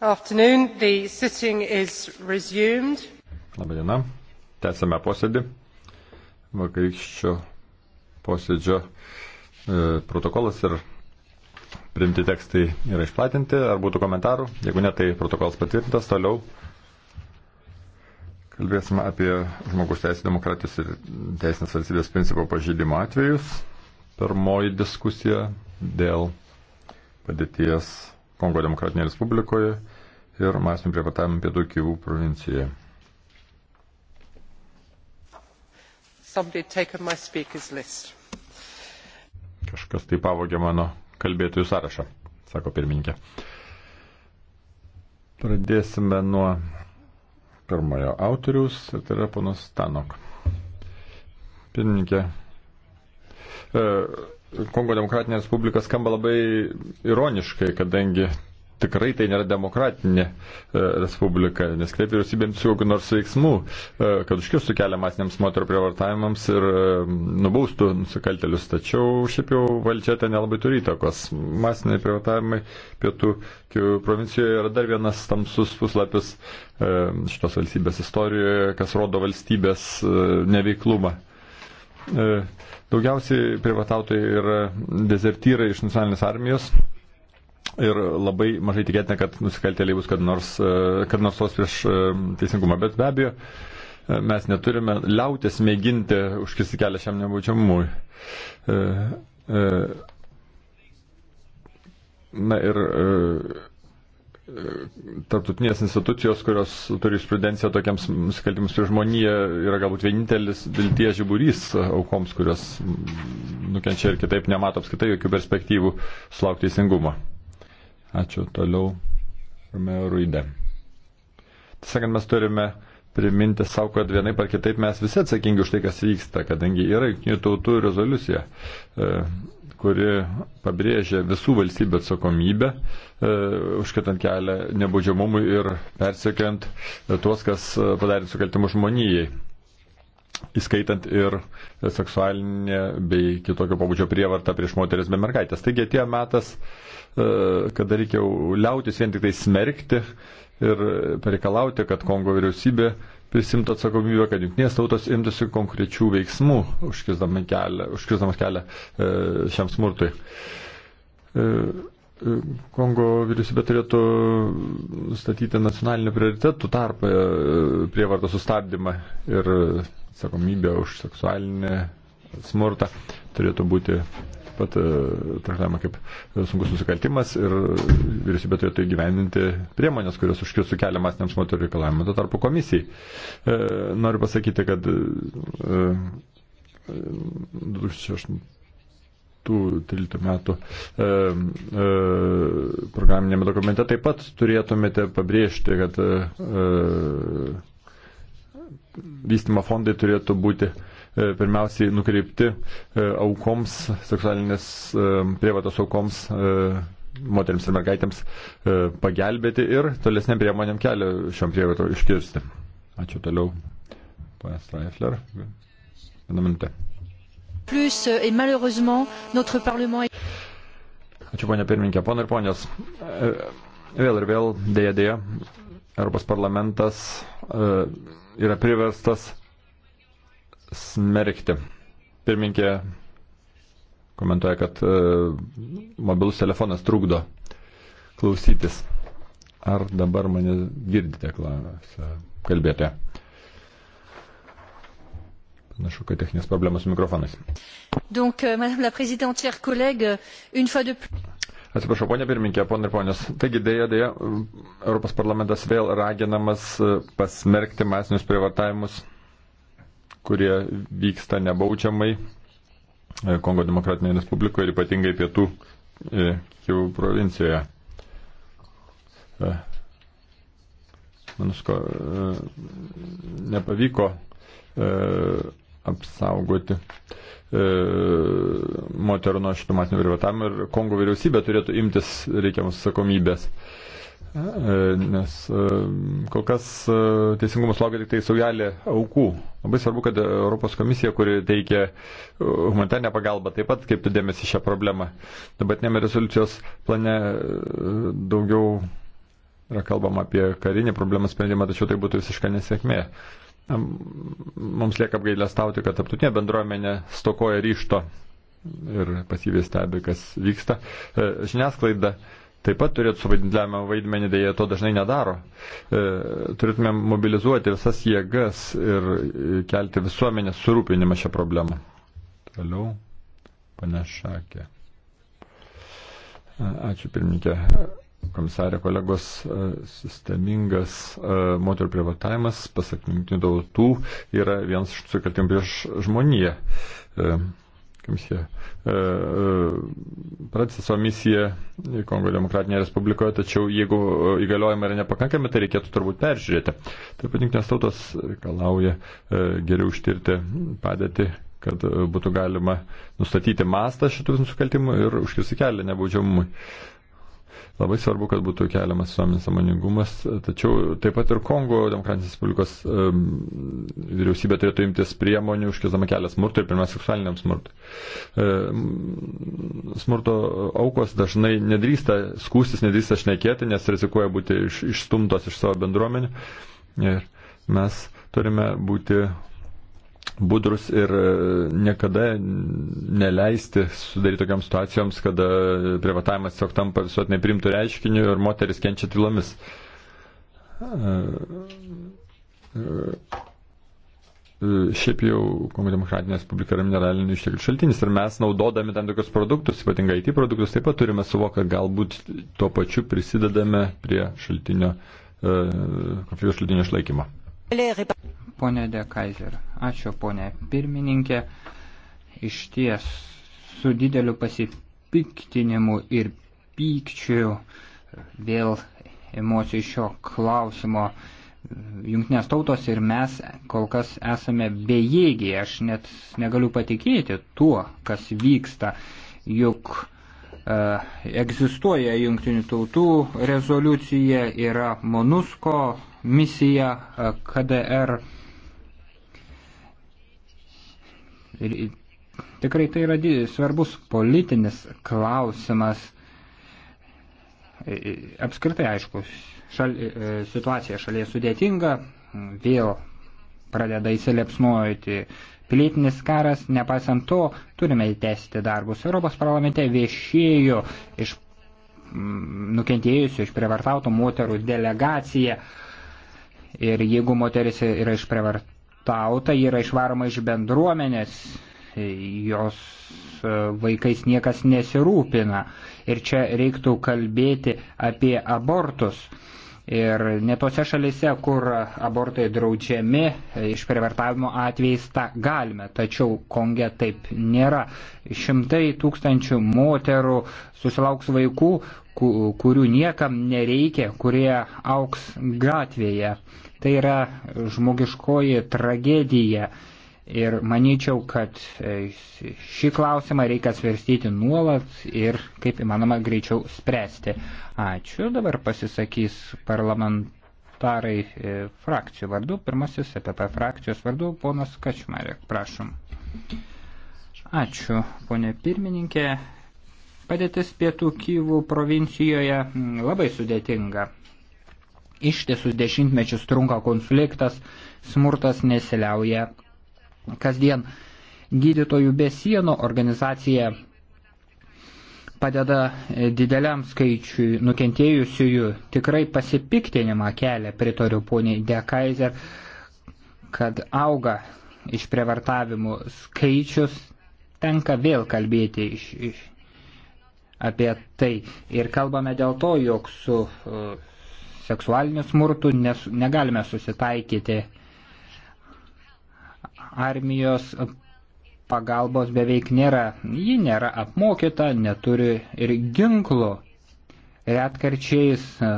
Labadiena, tęsame posėdį. Vakarykščio posėdžio e, protokolas ir priimti tekstai yra išplatinti. Ar būtų komentarų? Jeigu ne, tai protokolas patvirtintas. Toliau kalbėsime apie žmogus teisų demokratijos ir teisinės valstybės principo pažydimo atvejus. Pirmoji diskusija dėl padėties Kongo Demokratinėje Respublikoje ir masinį prievartavimą pietų Kyvų provincijoje. Kažkas tai pavogė mano kalbėtojų sąrašą, sako pirmininkė. Pradėsime nuo pirmojo autorius, tai yra ponas Stanok. Pirmininkė. E, Kongo Demokratinė Respublika skamba labai ironiškai, kadangi tikrai tai nėra demokratinė e, respublika, nes kaip vyriausybė imsi kokiu nors veiksmu, e, kad užkirstų kelią masiniams moterų prievartavimams ir e, nubaustų nusikaltelius. Tačiau šiaip jau valdžia ten nelabai turi įtakos. Masiniai prievartavimai pietų provincijoje yra dar vienas tamsus puslapis e, šitos valstybės istorijoje, kas rodo valstybės e, neveiklumą. E, daugiausiai privatautojai yra dezertyrai iš nacionalinės armijos. Ir labai mažai tikėtina, kad nusikaltėliai bus kad nors, e, kad nors tos prieš e, teisingumą. Bet be abejo, e, mes neturime liautis mėginti užkisti kelią šiam nebūčiamumui. Na ir tarptautinės institucijos, kurios turi išprudenciją tokiems nusikaltimus prie žmoniją, yra galbūt vienintelis vilties žiburys aukoms, kurios nukenčia ir kitaip nemato apskaitai jokių perspektyvų sulaukti teisingumo. Ačiū toliau. Romeo Ruide. Tiesiog mes turime priminti savo, kad vienaip ar kitaip mes visi atsakingi už tai, kas vyksta, kadangi yra jungtinių tautų rezoliucija, e, kuri pabrėžia visų valstybių atsakomybę, e, užkėtant kelią nebaudžiamumui ir persekiant tuos, kas padarė sukaltimus žmonijai įskaitant ir seksualinę bei kitokio pabudžio prievartą prieš moteris bei mergaitės. Taigi atėjo metas, e, kada reikėjo liautis vien tik tai smerkti ir pareikalauti, kad Kongo vyriausybė prisimtų atsakomybę, kad jungtinės tautos imtųsi konkrečių veiksmų, užkirstamas kelią, kelią e, šiam smurtui. E, Kongo vyriausybė turėtų nustatyti nacionalinių prioritetų tarpą e, prievartos sustabdymą ir atsakomybę už seksualinį smurtą turėtų būti pat e, traktuojama kaip sunkus nusikaltimas ir vyriausybė turėtų įgyvendinti priemonės, kurios užkirstų kelią masiniams moterų reikalavimams. Tuo tarpu komisijai e, noriu pasakyti, kad 2008 13 metų e, e, programinėme dokumente taip pat turėtumėte pabrėžti, kad e, e, vystimo fondai turėtų būti e, pirmiausiai nukreipti e, aukoms, seksualinės e, prievatos aukoms, e, moteriams ir mergaitėms e, pagelbėti ir tolesniam priemonėm kelią šiom prievato iškirsti. Ačiū toliau, ponas Raifler. Vieną minutę plus euh, et malheureusement notre Parlement est. Ačiū ponia pirmininkė, ponai ir ponios. E, vėl ir vėl dėja dėja. Europos parlamentas e, yra priverstas smerkti. Pirmininkė komentuoja, kad e, mobilus telefonas trukdo klausytis. Ar dabar mane girdite, klausia kalbėtoja? Panašu, kad techninės problemos su mikrofonais. Donc, euh, madame la présidente, chers collègues, euh, une fois de plus. Atsiprašau, ponia pirminkė, ponia ir ponios. Taigi dėja, dėja, Europos parlamentas vėl raginamas e, pasmerkti masinius privartavimus, kurie vyksta nebaudžiamai e, Kongo Demokratinėje Respublikoje ir ypatingai pietų e, Kivų provincijoje. Manusko nepavyko apsaugoti e, moterų nuo šitų matinių privatavimų ir Kongo vyriausybė turėtų imtis reikiamus sakomybės. E, nes e, kol kas e, teisingumas laukia tik tai saujelė aukų. Labai svarbu, kad Europos komisija, kuri teikia e, humanitarnę pagalbą, taip pat kaip tu dėmesį šią problemą. Dabartinėme rezoliucijos plane e, daugiau yra kalbama apie karinį problemą sprendimą, tačiau tai būtų visiška nesėkmė. E, Mums lieka apgailę stauti, kad taptutinė bendruomenė stokoja ryšto ir pasyviai stebi, kas vyksta. E, žiniasklaida taip pat turėtų suvaidinti lemiamą vaidmenį, dėja to dažnai nedaro. E, turėtume mobilizuoti visas jėgas ir kelti visuomenės surūpinimą šią problemą. Toliau panešakė. Ačiū pirmininkė komisarė kolegos, e, sistemingas e, moterų privatavimas, pasak jungtinių tautų, yra vienas iš nusikaltimų prieš žmoniją. E, komisija pradės savo misiją Kongo Demokratinėje Respublikoje, tačiau jeigu įgaliojimai yra nepakankami, tai reikėtų turbūt peržiūrėti. Taip pat jungtinės tautos reikalauja geriau ištirti padėtį kad būtų galima nustatyti mastą šitų nusikaltimų ir užkirsti kelią nebaudžiamumui. E, Labai svarbu, kad būtų keliamas visuomenės samoningumas, tačiau taip pat ir Kongo Demokratinės Respublikos um, vyriausybė turėtų imtis priemonių užkizama kelią smurtui ir pirmiausia seksualiniam smurtui. Um, smurto aukos dažnai nedrįsta skūstis, nedrįsta šnekėti, nes rizikuoja būti iš, išstumtos iš savo bendruomenių. Ir mes turime būti budrus ir e, niekada neleisti sudaryti tokiam situacijoms, kada privatavimas tiesiog tampa visuotinai primtų reiškiniu ir moteris kenčia tylomis. E, e, šiaip jau Komunų demokratinė respublika yra mineralinių išteklių šaltinis ir mes naudodami tam tikrus produktus, ypatingai IT produktus, taip pat turime suvokti, kad galbūt tuo pačiu prisidedame prie šaltinio, konflikto šaltinio išlaikymo. Pone De Kaiser, ačiū ponė pirmininkė. Iš ties su dideliu pasipiktinimu ir pykčiu dėl emocijų šio klausimo. Junktinės tautos ir mes kol kas esame bejėgiai, aš net negaliu patikėti tuo, kas vyksta, juk e, egzistuoja Junktinių tautų rezoliucija, yra MONUSKO misija KDR. E, Ir tikrai tai yra svarbus politinis klausimas. Apskritai, aišku, šal, e, situacija šalyje sudėtinga, vėl pradeda įsilepsnuoti pilietinis karas, nepaisant to, turime tęsti darbus. Europos parlamente viešėjo iš mm, nukentėjusių, iš prievartautų moterų delegacija. Ir jeigu moteris yra išprevart, tauta yra išvaroma iš bendruomenės, jos e, vaikais niekas nesirūpina. Ir čia reiktų kalbėti apie abortus. Ir ne tose šalise, kur abortai draudžiami išprivartavimo atvejais, tą galime, tačiau Konge taip nėra. Šimtai tūkstančių moterų susilauks vaikų, kurių niekam nereikia, kurie auks gatvėje. Tai yra žmogiškoji tragedija. Ir manyčiau, kad e, šį klausimą reikia svarstyti nuolat ir kaip įmanoma greičiau spręsti. Ačiū. Dabar pasisakys parlamentarai e, frakcijų vardu. Pirmasis EPP frakcijos vardu ponas Kačmarek. Prašom. Ačiū, ponė pirmininkė. Padėtis pietų Kyvų provincijoje labai sudėtinga. Ištisus dešimtmečius trunka konfliktas, smurtas nesiliauja kasdien. Gydytojų be sienų organizacija padeda e, dideliam skaičiui nukentėjusiųjų tikrai pasipiktinimą kelia, pritariu poniai De Kaiser, kad auga išprievartavimų skaičius, tenka vėl kalbėti iš, iš, apie tai. Ir kalbame dėl to, jog su uh, seksualiniu smurtu nes, negalime susitaikyti armijos pagalbos beveik nėra. Ji nėra apmokyta, neturi ir ginklų. Retkarčiais e,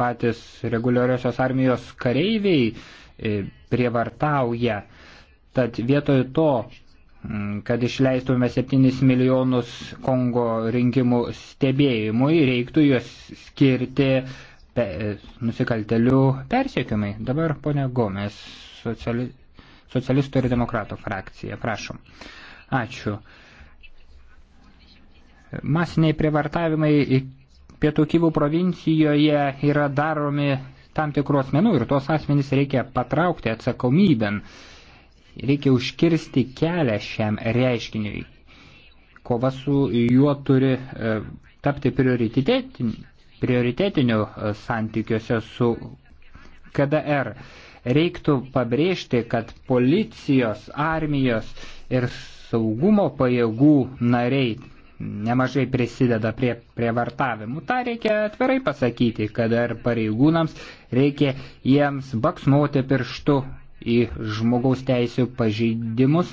patys reguliariosios armijos kareiviai e, prievartauja. Tad vietoj to, kad išleistume 7 milijonus Kongo rinkimų stebėjimui, reiktų juos skirti pe, e, nusikaltelių persiekimai. Dabar ponia Gomes, socialistai socialistų ir demokratų frakcija. Prašom. Ačiū. Masiniai prievartavimai Pietų Kyvų provincijoje yra daromi tam tikrų asmenų ir tos asmenys reikia patraukti atsakomybėn. Reikia užkirsti kelią šiam reiškiniui. Kova su juo turi e, tapti prioritetin, prioritetiniu e, santykiuose su KDR. Reiktų pabrėžti, kad policijos, armijos ir saugumo pajėgų nariai nemažai prisideda prie prievartavimų. Ta reikia atvirai pasakyti, kad ir pareigūnams reikia jiems baksnuoti pirštu į žmogaus teisų pažeidimus.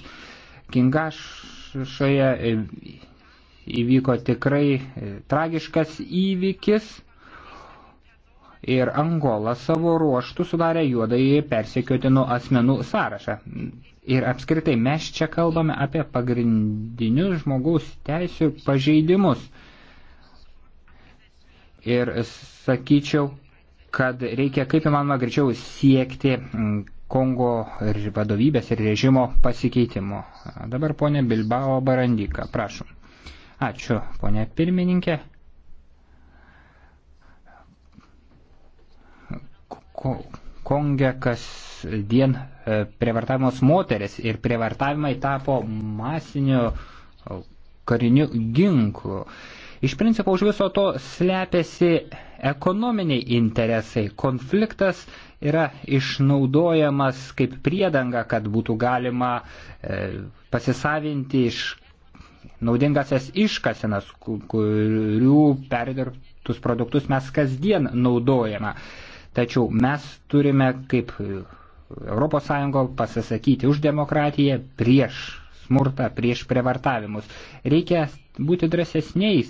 Kingašoje įvyko tikrai e, tragiškas įvykis ir Angola savo ruoštų sudarė juodąjį persekiotinų asmenų sąrašą. Ir apskritai mes čia kalbame apie pagrindinius žmogaus teisų pažeidimus. Ir sakyčiau, kad reikia kaip įmanoma greičiau siekti Kongo vadovybės ir režimo pasikeitimo. Dabar ponė Bilbao Barandika, prašom. Ačiū, ponė pirmininkė. Konge kas dien e, prievartavimos moteris ir prievartavimai tapo masiniu e, kariniu ginklu. Iš principo už viso to slepiasi ekonominiai interesai. Konfliktas yra išnaudojamas kaip priedanga, kad būtų galima e, pasisavinti iš naudingasias iškasenas, kurių perdirbtus produktus mes kasdien naudojame. Tačiau mes turime kaip ES pasisakyti už demokratiją prieš smurtą, prieš prievartavimus. Reikia būti drąsesniais,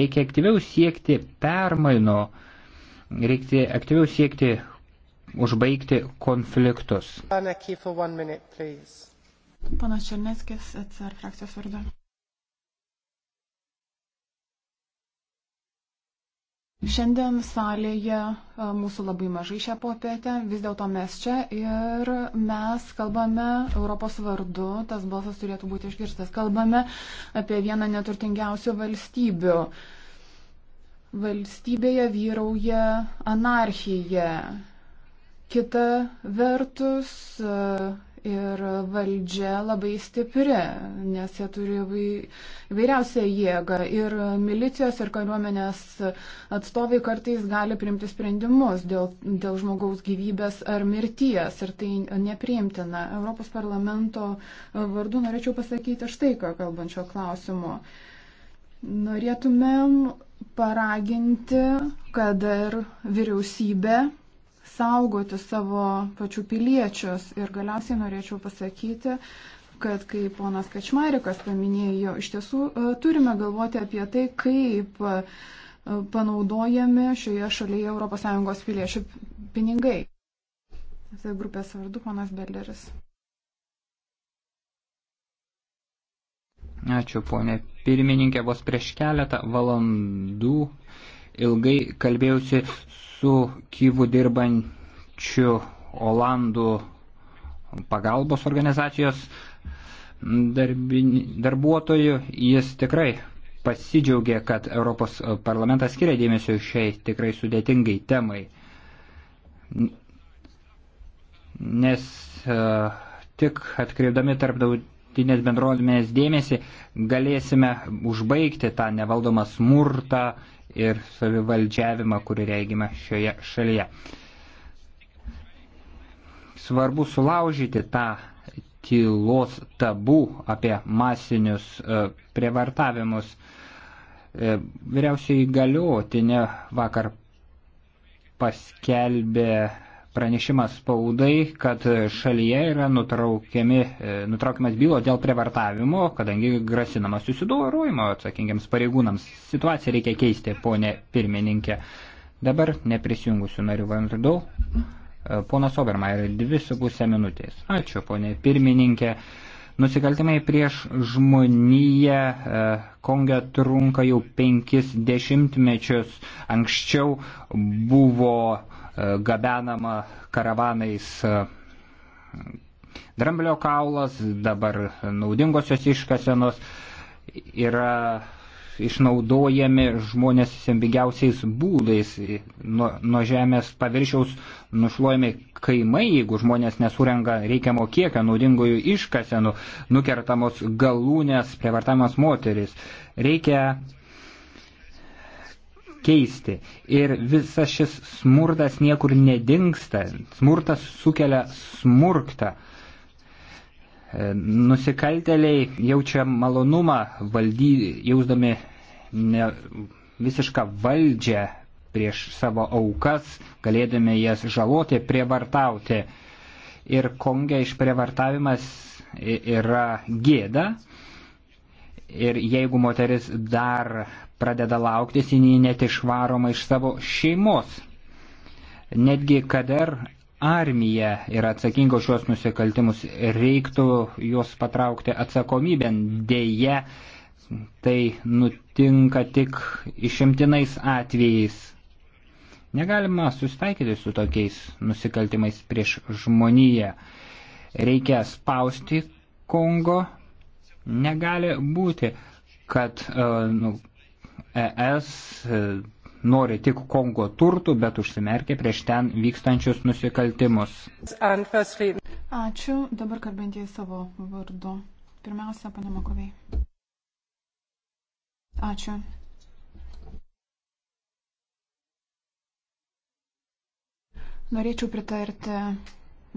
reikia aktyviau siekti permainų, reikia aktyviau siekti užbaigti konfliktus. Panas Černetskis, atsar frakcijos vardu. Šiandien salėje e, mūsų labai mažai šią popietę, vis dėlto mes čia ir mes kalbame Europos vardu, tas balsas turėtų būti išgirstas, kalbame apie vieną neturtingiausių valstybių. Valstybėje vyrauja anarchija. Kita vertus, e, Ir valdžia labai stipri, nes jie turi įvairiausią jėgą. Ir milicijos ir kariuomenės atstovai kartais gali priimti sprendimus dėl, dėl žmogaus gyvybės ar mirties. Ir tai nepriimtina. Europos parlamento vardu norėčiau pasakyti štai ką kalbančio klausimo. Norėtumėm paraginti, kad ir vyriausybė saugoti savo pačių piliečius. Ir galiausiai norėčiau pasakyti, kad kaip ponas Kačmarikas paminėjo, iš tiesų e, turime galvoti apie tai, kaip e, panaudojami šioje šalyje ES piliečių pinigai. Tai grupės vardu ponas Belleris. Ačiū, ponė pirmininkė, vos prieš keletą valandų ilgai kalbėjausi su Kyvu dirbančiu Olandų pagalbos organizacijos darbin, darbuotoju. Jis tikrai pasidžiaugė, kad Europos parlamentas skiria dėmesio šiai tikrai sudėtingai temai. Nes uh, tik atkreipdami tarptaut, tarptautinės bendruomenės dėmesį, galėsime užbaigti tą nevaldomą smurtą ir savivaldžiavimą, kurį reigime šioje šalyje. Svarbu sulaužyti tą tylos tabų apie masinius e, prievartavimus. E, vyriausiai galiotinė vakar paskelbė pranešimas spaudai, kad šalyje yra e, nutraukiamas bylos dėl prievartavimo, kadangi grasinama susidorojimo atsakingiams pareigūnams. Situaciją reikia keisti, ponė pirmininkė. Dabar neprisijungusių narių vardu. E, ponas Obermaier, dvi su pusė minutės. Ačiū, ponė pirmininkė. Nusikaltimai prieš žmoniją e, Konge trunka jau penkis dešimtmečius. Anksčiau buvo E, gabenama karavanais e, dramblio kaulas, dabar naudingosios iškasenos yra išnaudojami žmonės sembigiausiais būdais. Nuo, nuo žemės paviršiaus nušluojami kaimai, jeigu žmonės nesurenga reikiamo kiekio naudingųjų iškasenų, nukertamos galūnės, prievartamos moteris. Reikia keisti. Ir visas šis smurtas niekur nedingsta. Smurtas sukelia smurtą. E, nusikalteliai jaučia malonumą valdy, jausdami ne, visišką valdžią prieš savo aukas, galėdami jas žaloti, prievartauti. Ir Konge išprievartavimas yra gėda. Ir jeigu moteris dar pradeda lauktis, jinai net išvaroma iš savo šeimos. Netgi kadar er armija yra atsakinga už šios nusikaltimus, reiktų juos patraukti atsakomybėn. Deja, tai nutinka tik išimtinais atvejais. Negalima susitaikyti su tokiais nusikaltimais prieš žmoniją. Reikia spausti Kongo. Negali būti, kad uh, nu, ES e, nori tik Kongo turtų, bet užsimerkia prieš ten vykstančius nusikaltimus. Ačiū, dabar kalbantieji savo vardu. Pirmiausia, pane Makovei. Ačiū. Norėčiau pritarti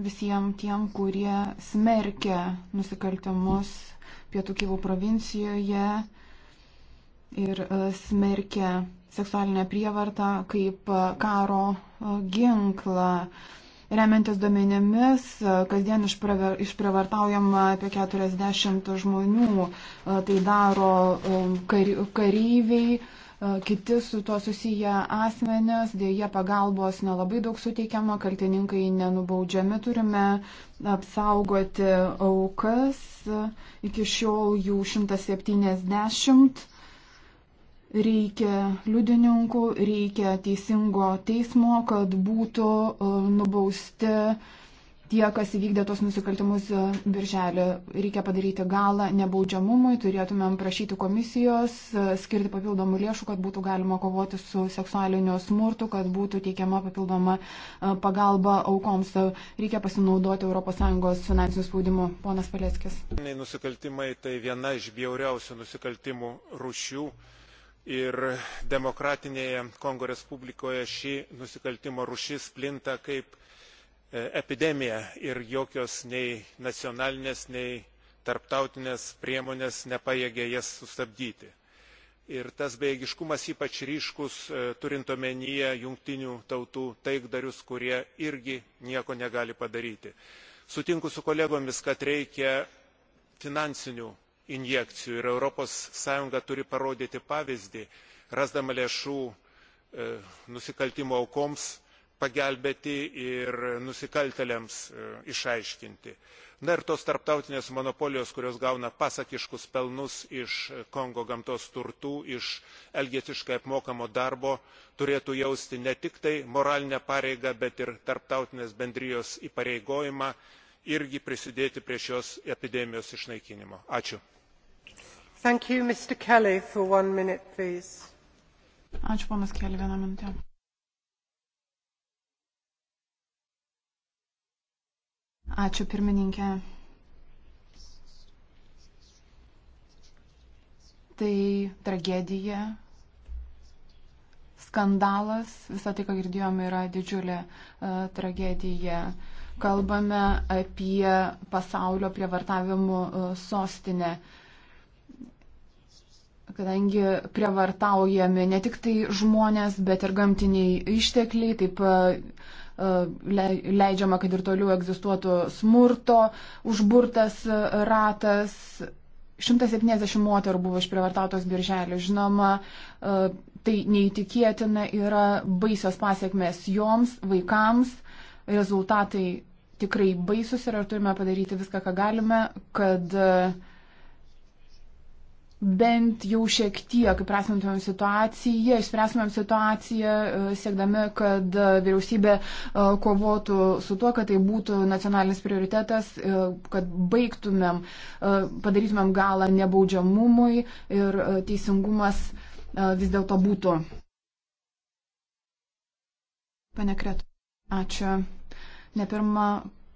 visiems tiem, kurie smerkia nusikaltimus Pietų Kyvų provincijoje ir e, smerkia seksualinę prievartą kaip e, karo e, ginklą. Remiantis duomenimis, kasdien išprievartaujama apie 40 žmonių. Tai daro kareiviai, kiti su tuo susiję asmenės, dėje pagalbos nelabai daug suteikiama, kaltininkai nenubaudžiami, turime apsaugoti aukas, iki šiol jų 170 reikia liudininkų, reikia teisingo teismo, kad būtų e, nubausti tie, kas įvykdė tos nusikaltimus e, birželį. Reikia padaryti galą nebaudžiamumui, turėtumėm prašyti komisijos, e, skirti papildomų lėšų, kad būtų galima kovoti su seksualiniu smurtu, kad būtų teikiama papildoma pagalba aukoms. Reikia pasinaudoti ES finansinių spaudimų. Ponas Paleckis. Nusikaltimai tai viena iš bjauriausių nusikaltimų rušių ir demokratinėje kongo respublikoje ši nusikaltimo rūšis plinta kaip e, epidemija ir jokios nei nacionalinės nei tarptautinės priemonės nepajėgė jas sustabdyti. Ir tas bejėgiškumas ypač ryškus e, turint omenyje jungtinių tautų taikdarius, kurie irgi nieko negali padaryti. Sutinku su kolegomis, kad reikia finansinių injekcijų ir ES turi parodyti pavyzdį, rasdama lėšų e, nusikaltimo aukoms pagelbėti ir nusikaltelėms e, išaiškinti. Na ir tos tarptautinės monopolijos, kurios gauna pasakiškus pelnus iš Kongo gamtos turtų, iš elgetiškai apmokamo darbo, turėtų jausti ne tik tai moralinę pareigą, bet ir tarptautinės bendrijos įpareigojimą irgi prisidėti prie šios epidemijos išnaikinimo. Ačiū. Thank you, Mr. Kelly, for one minute, please. Ačiū, ponas Kelly, vieną minutę. Ačiū, pirmininkė. Tai tragedija, skandalas, visą tai, ką girdėjom, yra didžiulė uh, tragedija. Kalbame apie pasaulio prievartavimų uh, e, sostinę. Uh, kadangi prievartaujami ne tik tai žmonės, bet ir gamtiniai ištekliai, taip e, e, leidžiama, kad ir toliau egzistuotų smurto užburtas e, ratas. 170 moterų buvo išprievartautos birželį. Žinoma, tai neįtikėtina yra baisios pasiekmes joms, vaikams, rezultatai tikrai baisus ir ar turime padaryti viską, ką galime, kad uh, bent jau šiek tiek įprasmintumėm situaciją, išspręstumėm situaciją, e, siekdami, kad e, vyriausybė e, kovotų su tuo, kad tai būtų nacionalinis prioritetas, kad baigtumėm, padarytumėm galą nebaudžiamumui ir teisingumas vis dėlto būtų. Pane Kretu, ačiū. Ne pirmą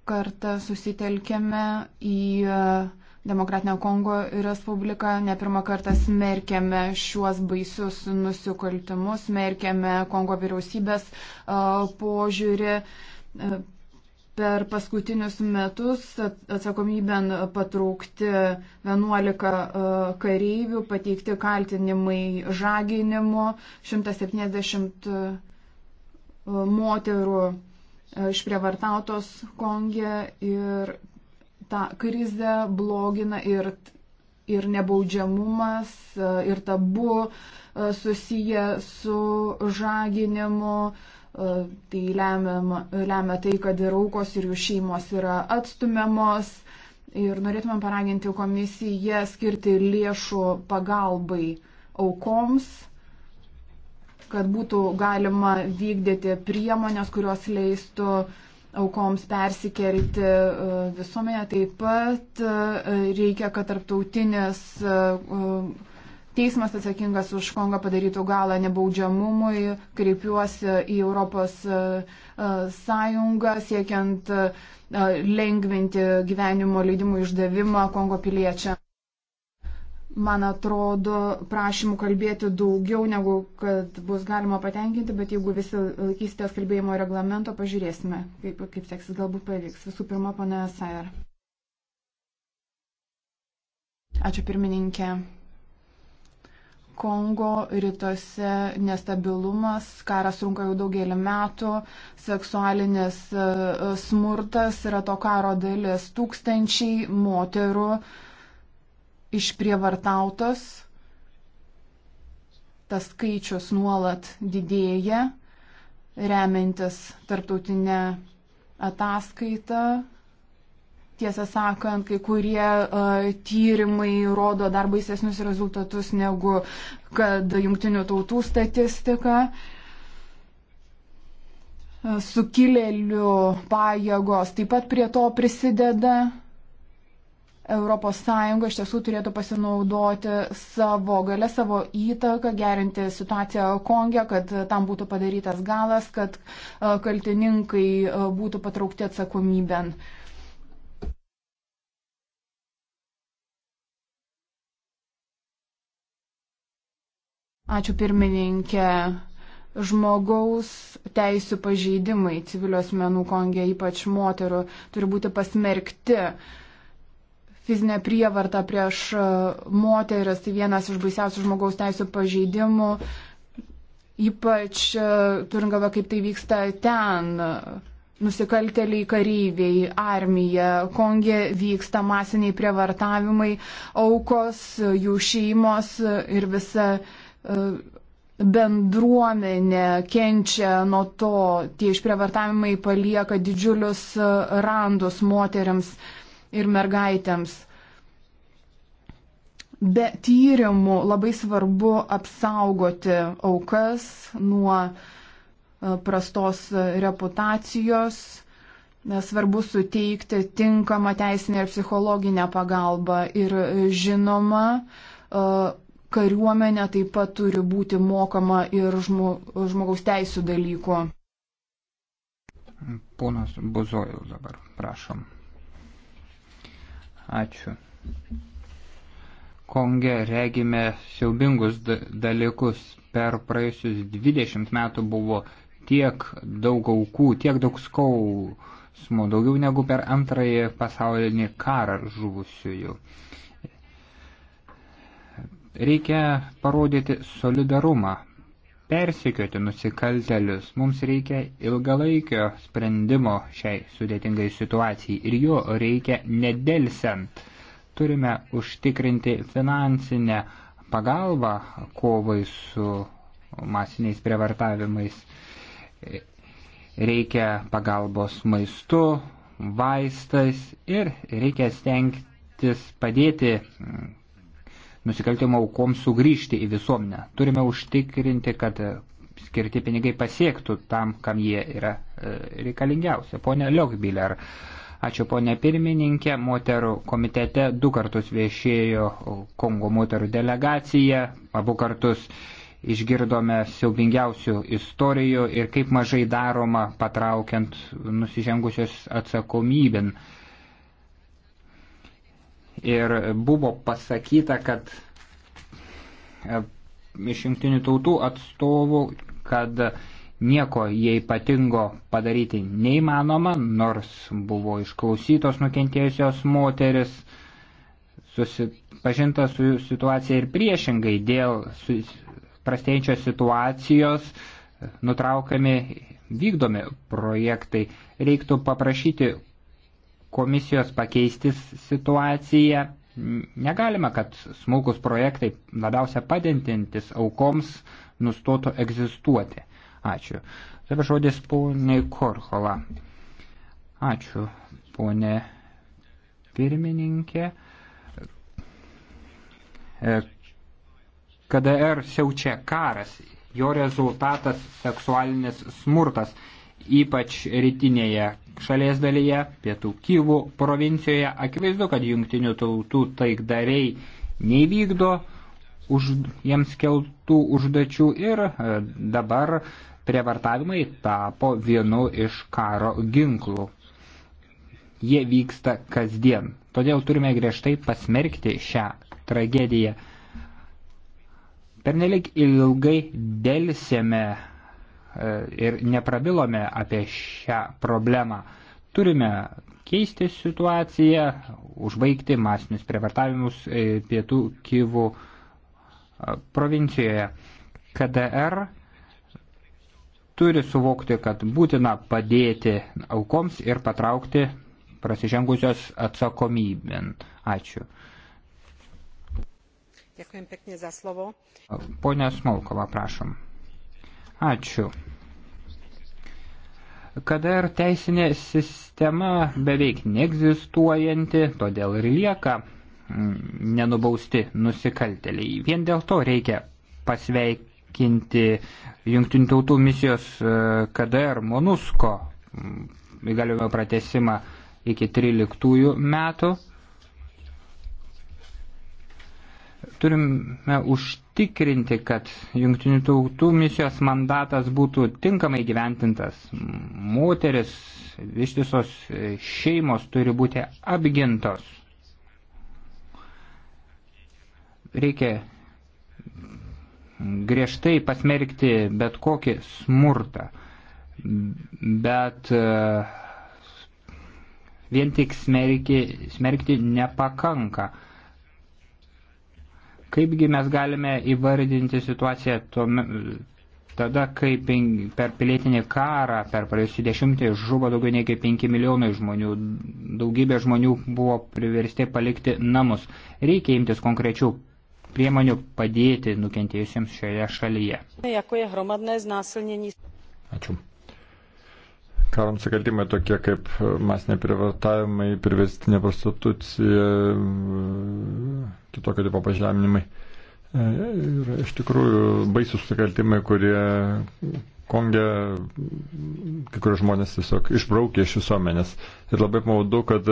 kartą susitelkėme į Demokratinę Kongo Respubliką. Ne pirmą kartą smerkėme šiuos baisius nusikaltimus, smerkėme Kongo vyriausybės požiūrį. Per paskutinius metus atsakomybėn patraukti 11 kareivių, pateikti kaltinimai žaginimu, 170 moterų išprievartautos Kongė ir tą krizę blogina ir, ir nebaudžiamumas, e, ir tabu e, susiję su žaginimu. E, tai lemia, lemia tai, kad ir aukos, ir jų šeimos yra atstumiamos. Ir norėtume paraginti komisiją skirti lėšų pagalbai aukoms, kad būtų galima vykdyti priemonės, kurios leistų uh, aukoms persikelti e, visuomenę. Taip pat e, reikia, kad tarptautinis e, teismas atsakingas už Kongą padarytų galą nebaudžiamumui. Kreipiuosi į Europos Sąjungą siekiant lengvinti gyvenimo leidimų išdavimą Kongo piliečiams man atrodo, prašymų kalbėti daugiau negu kad bus galima patenkinti, bet jeigu visi laikysitės kalbėjimo reglamento, pažiūrėsime, kaip, kaip seksis galbūt pavyks. Visų pirma, pane Sair. Ačiū pirmininkė. Kongo rytuose nestabilumas, karas trunka jau daugelį metų, seksualinis e, smurtas yra to karo dalis. Tūkstančiai moterų uh, išprievartautos, tas skaičius nuolat didėja, remiantis tarptautinę ataskaitą. Tiesą sakant, kai kurie uh, tyrimai rodo dar baisesnius rezultatus negu kad jungtinių tautų statistika. Uh, sukilėlių pajėgos taip pat prie to prisideda. ES iš tiesų turėtų pasinaudoti savo galę, savo įtaką, gerinti situaciją Konge, kad tam būtų padarytas galas, kad e, kaltininkai e, būtų patraukti atsakomybėn. Ačiū pirmininkė. Žmogaus teisų pažeidimai civilios menų Kongė, ypač moterų, turi būti pasmerkti. Uh, fizinę prievartą prieš e, moteris, tai vienas iš baisiausių žmogaus teisų pažeidimų, ypač e, turint galvoje, kaip tai vyksta ten. Nusikalteliai kareiviai, armija, Kongė vyksta masiniai prievartavimai, aukos, jų šeimos ir visa e, bendruomenė kenčia nuo to, tie išprievartavimai palieka didžiulius randus moteriams ir mergaitėms. Be tyrimų labai svarbu apsaugoti aukas nuo e, prastos reputacijos, e, svarbu suteikti tinkamą teisinę ir psichologinę pagalbą ir e, žinoma, kariuomenė taip pat turi būti mokama ir žmogaus teisų dalykų. Ponas Buzojus dabar, prašom. Ačiū. Konge regime siaubingus dalykus. Per praėjusius 20 metų buvo tiek daug aukų, tiek daug skausmo, daugiau negu per antrąjį pasaulinį karą žuvusiųjų. Reikia parodyti solidarumą persikioti nusikaltelius. Mums reikia ilgalaikio sprendimo šiai sudėtingai situacijai ir jo reikia nedelsiant. Turime užtikrinti finansinę pagalbą kovai su masiniais prievartavimais. Reikia pagalbos maistu, vaistais ir reikia stengtis padėti nusikaltimo aukoms sugrįžti į visuomenę. Turime užtikrinti, kad skirti pinigai pasiektų tam, kam jie yra e, reikalingiausia. Pone Liokbiler, ačiū ponė pirmininkė, moterų komitete du kartus viešėjo Kongo moterų delegacija, abu kartus išgirdome siaubingiausių istorijų ir kaip mažai daroma patraukiant nusižengusios atsakomybin. Uh, ir buvo pasakyta, kad e, iš jungtinių tautų atstovų, kad nieko jie ypatingo padaryti neįmanoma, nors buvo išklausytos nukentėjusios moteris, susipažinta su situacija ir priešingai dėl prastėjančios situacijos nutraukiami vykdomi projektai. Reiktų paprašyti komisijos pakeisti situaciją. Negalima, kad smulkus projektai labiausia padintintis aukoms nustotų egzistuoti. Ačiū. Dabar žodis poniai Korhola. Ačiū, ponė pirmininkė. E, KDR siaučia karas, jo rezultatas seksualinis smurtas ypač rytinėje šalies dalyje, pietų Kyvų provincijoje. Akivaizdu, kad jungtinių tautų taikdariai neįvykdo už, jiems keltų užduočių ir e, dabar prievartavimai tapo vienu iš karo ginklų. Jie vyksta kasdien. Todėl turime griežtai pasmerkti šią tragediją. Pernelik ilgai dėlsėme E, ir neprabilome apie šią problemą. Turime keisti situaciją, užbaigti masinius prievartavimus e, pietų Kyvų e, provincijoje. KDR turi suvokti, kad būtina padėti aukoms ir patraukti prasižengusios atsakomybėn. Ačiū. Dėkuojam pekne za slovo. Pone Smolkova, prašom. Ačiū. Kada ir teisinė sistema beveik neegzistuojanti, todėl ir lieka mm, nenubausti nusikalteliai. Vien dėl to reikia pasveikinti Junktinių tautų misijos e, KDR Monusko mm, įgaliojimo pratesimą iki 13 metų. Turime užtikrinti užtikrinti, kad jungtinių tautų misijos mandatas būtų tinkamai gyventintas. Moteris, ištisos šeimos turi būti apgintos. Reikia griežtai pasmerkti bet kokį smurtą, bet e, vien tik smerkti, smerkti nepakanka Kaipgi mes galime įvardinti situaciją tuome, tada, kai ping, per pilietinį karą, per praėjusį dešimtį žuvo daugiau nei 5 milijonai žmonių, daugybė žmonių buvo priversti palikti namus. Reikia imtis konkrečių priemonių padėti nukentėjusiems šioje šalyje. Ačiū karo nusikaltimai tokie kaip masiniai privartavimai, priverstinė prostitucija, kitokio tipo pažeminimai. E, ir iš tikrųjų baisus nusikaltimai, kurie Konge kai kurie žmonės tiesiog išbraukė iš visuomenės. Ir labai maudu, kad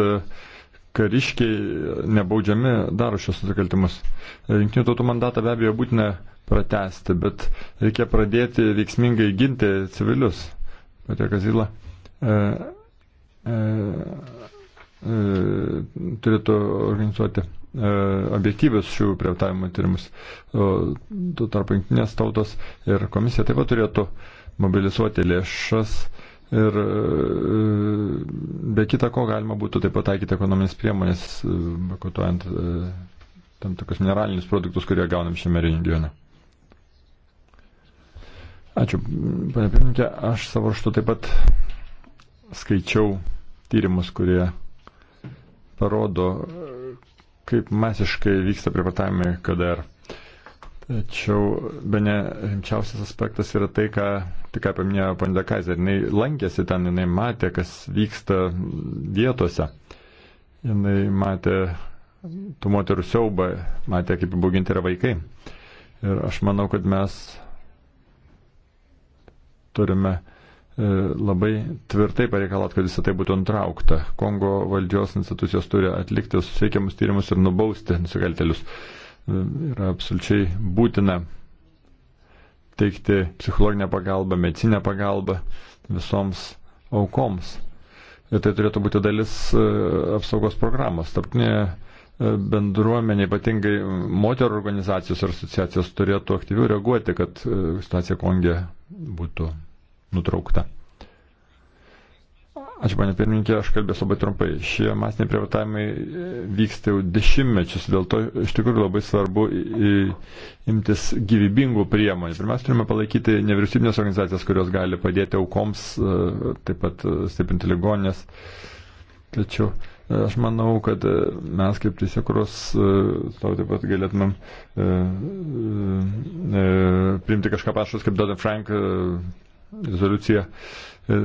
kariškiai nebaudžiami daro šios nusikaltimus. Junktinių tautų mandatą be abejo būtina pratesti, bet reikia pradėti veiksmingai ginti civilius. Patė Kazila. E, e, e, turėtų organizuoti objektyvius šių prievartavimo tyrimus. Tuo tarpu jungtinės tautos ir komisija taip pat turėtų mobilizuoti lėšas ir be kita ko galima būtų taip pat taikyti ekonominės priemonės, bakotuojant tam tokius mineralinius produktus, kurie gaunam šiame regione. Ačiū, pane pirmininkė, aš savo raštu taip pat skaičiau tyrimus, kurie parodo, kaip masiškai vyksta privartavimai KDR. Tačiau be ne rimčiausias aspektas yra tai, ką tik apie minėjo Pandė Kaiser. Jis lankėsi ten, jinai matė, kas vyksta vietose. Jinai matė tų moterų siaubą, matė, kaip būginti yra vaikai. Ir aš manau, kad mes turime uh, E, labai tvirtai pareikalaut, kad visą tai būtų antraukta. Kongo valdžios institucijos turi atlikti susiekiamus tyrimus ir nubausti nusikaltelius. E, yra absoliučiai būtina teikti psichologinę pagalbą, medicinę pagalbą visoms aukoms. Ir tai turėtų būti dalis e, apsaugos programos. Tarptinė bendruomenė, ypatingai moterų organizacijos ir asociacijos turėtų aktyviau reaguoti, kad situacija Kongė būtų nutraukta. Ačiū, panė pirmininkė, aš kalbėsiu labai trumpai. Šie masiniai prievartavimai e, vyksta jau dešimtmečius, dėl to iš tikrųjų labai svarbu imtis gyvybingų priemonių. Pirmiausia, turime palaikyti nevyriausybinės organizacijas, kurios gali padėti aukoms, e, taip pat e, stiprinti ligonės. Tačiau Aš manau, kad mes kaip teisėkuros savo taip pat galėtumėm e, e, priimti kažką panašaus kaip Dodd Frank rezoliuciją e,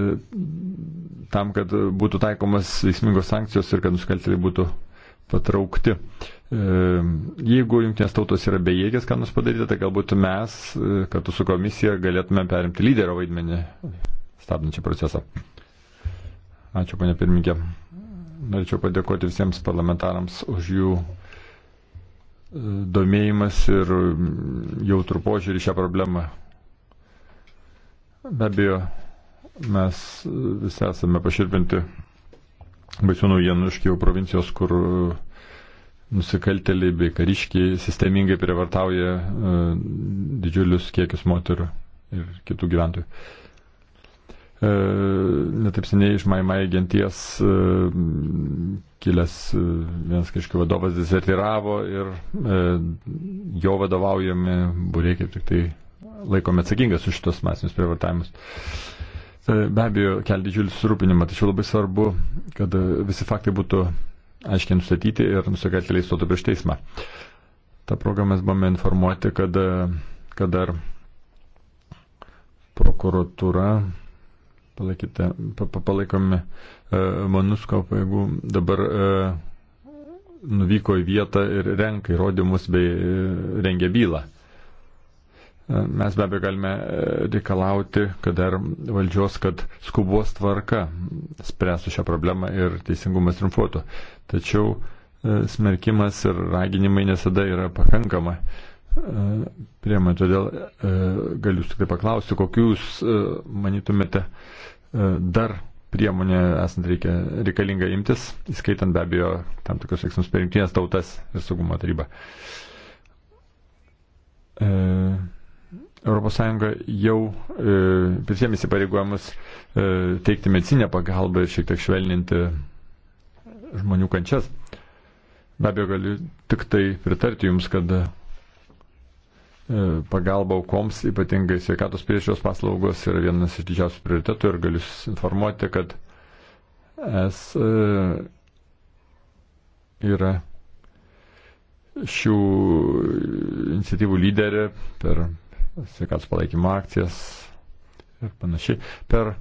tam, kad būtų taikomas veiksmingos sankcijos ir kad nusikaltėliai būtų patraukti. E, jeigu jungtinės tautos yra bejėgės, ką nors padaryti, tai galbūt mes e, kartu su komisija galėtume perimti lyderio vaidmenį stabdančią procesą. Ačiū, ponė pirmininkė. Norėčiau padėkoti visiems parlamentarams už jų domėjimas ir jautrų požiūrį šią problemą. Be abejo, mes visi esame paširbinti baisių naujienų iš Kijevo provincijos, kur e, nusikalteliai bei kariškiai sistemingai privartauja e, didžiulius kiekius moterų ir kitų gyventojų. E, netaip seniai iš Maimai genties kilęs vienas kažkokio vadovas dezertiravo ir jo vadovaujami būrė kaip tik tai laikome atsakingas už šitos masinius prievartavimus. Tai be abejo, kelia didžiulį surūpinimą, tačiau labai svarbu, kad e, visi faktai būtų aiškiai nustatyti ir nusikaltėliai stotų prieš teismą. Ta proga mes buvome informuoti, kad, e, kad dar prokuratūra palaikyta, palaikomi e, Manusko pajėgų dabar e, nuvyko į vietą ir renka įrodymus bei e, rengia bylą. Mes be abejo galime e, reikalauti, kad dar valdžios, kad skubos tvarka spręstų šią problemą ir teisingumas triumfuotų. Tačiau e, smerkimas ir raginimai nesada yra pakankama e, priemonė. Todėl galiu tik tai paklausti, kokiu jūs manytumėte dar priemonė esant reikia, reikalinga imtis, įskaitant be abejo tam tikrus veiksmus per jungtinės tautas ir saugumo tarybą. E, ES jau e, prisėmė įsipareigojimus e, teikti medicinę pagalbą ir šiek tiek švelninti žmonių kančias. Be abejo, galiu tik tai pritarti Jums, kad e, pagalba aukoms, ypatingai sveikatos priežiūros paslaugos, yra vienas iš didžiausių prioritetų ir galiu Jūs informuoti, kad es e, yra šių iniciatyvų lyderė per sveikatos palaikymo akcijas ir panašiai. Per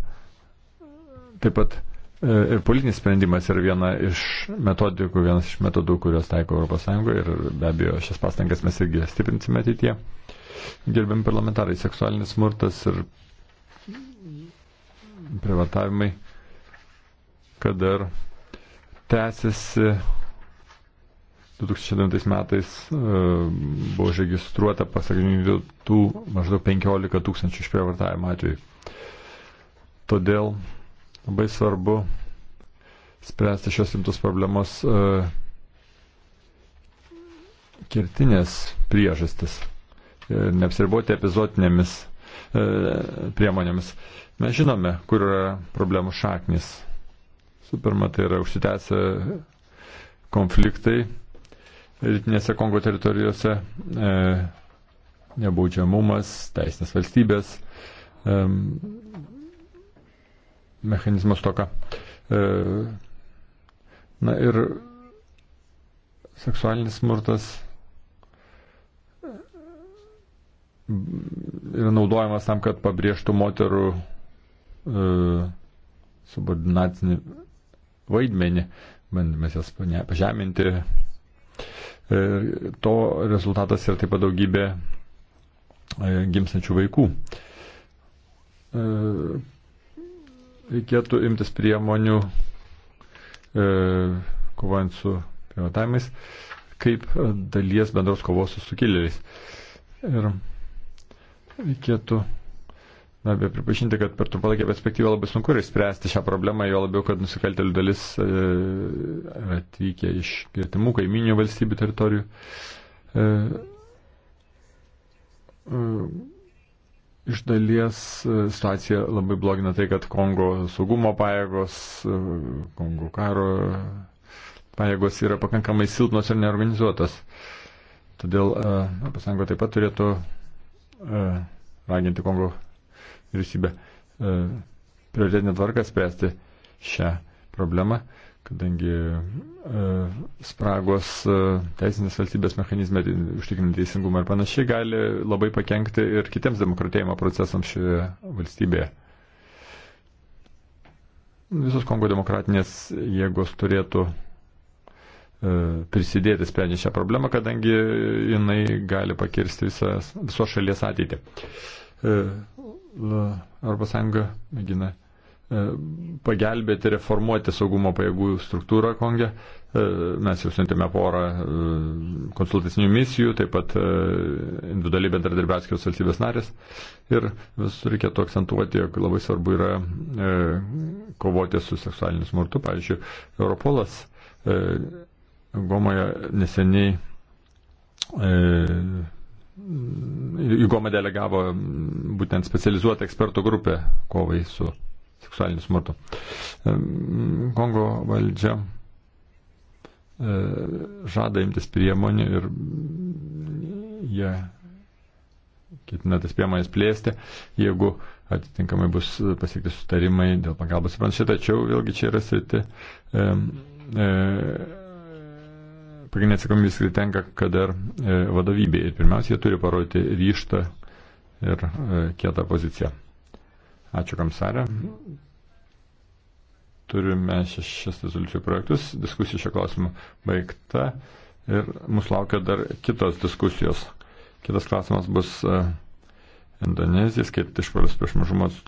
taip pat e, ir politinis sprendimas yra viena iš metodikų, vienas iš metodų, kurios taiko ES ir be abejo šias pastangas mes irgi stiprinsime ateityje. Gerbiam parlamentarai, seksualinis smurtas ir privatavimai, kad dar tęsiasi 2007 metais e, buvo užregistruota pasakinių tų maždaug 15 tūkstančių išprievartavimo atvejų. Todėl labai svarbu spręsti šios rimtus problemos e, kirtinės priežastis ir e, neapsiriboti epizodinėmis priemonėmis. Mes žinome, kur yra problemų šaknis. Su pirma, tai yra užsitęsę konfliktai rytinėse Kongo teritorijose, e, nebaudžiamumas, teisinės valstybės, e, mechanizmas toka. E, na ir seksualinis smurtas e, yra naudojamas tam, kad pabrėžtų moterų e, subordinacinį vaidmenį, bandymas jas pažeminti, Ir e, to rezultatas yra taip pat daugybė e, gimstančių vaikų. E, reikėtų imtis priemonių kovojant su privatavimais, kaip dalies bendros kovos su sukilėliais. Ir reikėtų Na, be pripažinti, kad per trumpalaikę perspektyvą labai sunku yra išspręsti šią problemą, jo labiau, kad nusikaltelių dalis e, atvykę iš gretimų kaiminių valstybių teritorijų. E, e, Iš dalies e, situacija labai blogina tai, kad Kongo saugumo pajėgos, e, Kongo karo pajėgos yra pakankamai silpnos ir neorganizuotas. Todėl ES taip pat turėtų e, raginti Kongo vyriausybė e, prioritetinė tvarka spręsti šią problemą, kadangi e, spragos e, teisinės valstybės mechanizmai, užtikrinant teisingumą ir panašiai, gali labai pakengti ir kitiems demokratėjimo procesams šioje valstybėje. Visos Kongo demokratinės jėgos turėtų prisidėti sprendžiant šią problemą, kadangi jinai gali pakirsti visą, visos šalies ateitį. ES mėgina e, pagelbėti reformuoti saugumo pajėgų struktūrą Konge. E, mes jau siuntėme porą e, konsultacinių misijų, taip pat individualiai bendradarbiavę atskiros valstybės narės. Ir visur reikėtų akcentuoti, jog labai svarbu yra kovoti su seksualiniu smurtu. Pavyzdžiui, Europolas Gomoje neseniai Įgoma delegavo būtent specializuotą ekspertų grupę kovai su seksualiniu smurtu. Kongo valdžia e, žada imtis priemonių ir jie ketina tas priemonės plėsti, jeigu atitinkamai bus pasiekti sutarimai dėl pagalbos ir panašiai. Tačiau vėlgi čia yra sriti. E, e, pagrindinė atsakomybė visgi tenka KDR e, vadovybė. Ir pirmiausia, jie turi parodyti ryštą ir e, kietą poziciją. Ačiū, komisarė. Turime šešias rezoliucijų projektus. Diskusija šio klausimu baigta. Ir mūsų laukia dar kitos diskusijos. Kitas klausimas bus e, Indonezija, skaitant išpolius prieš mažumą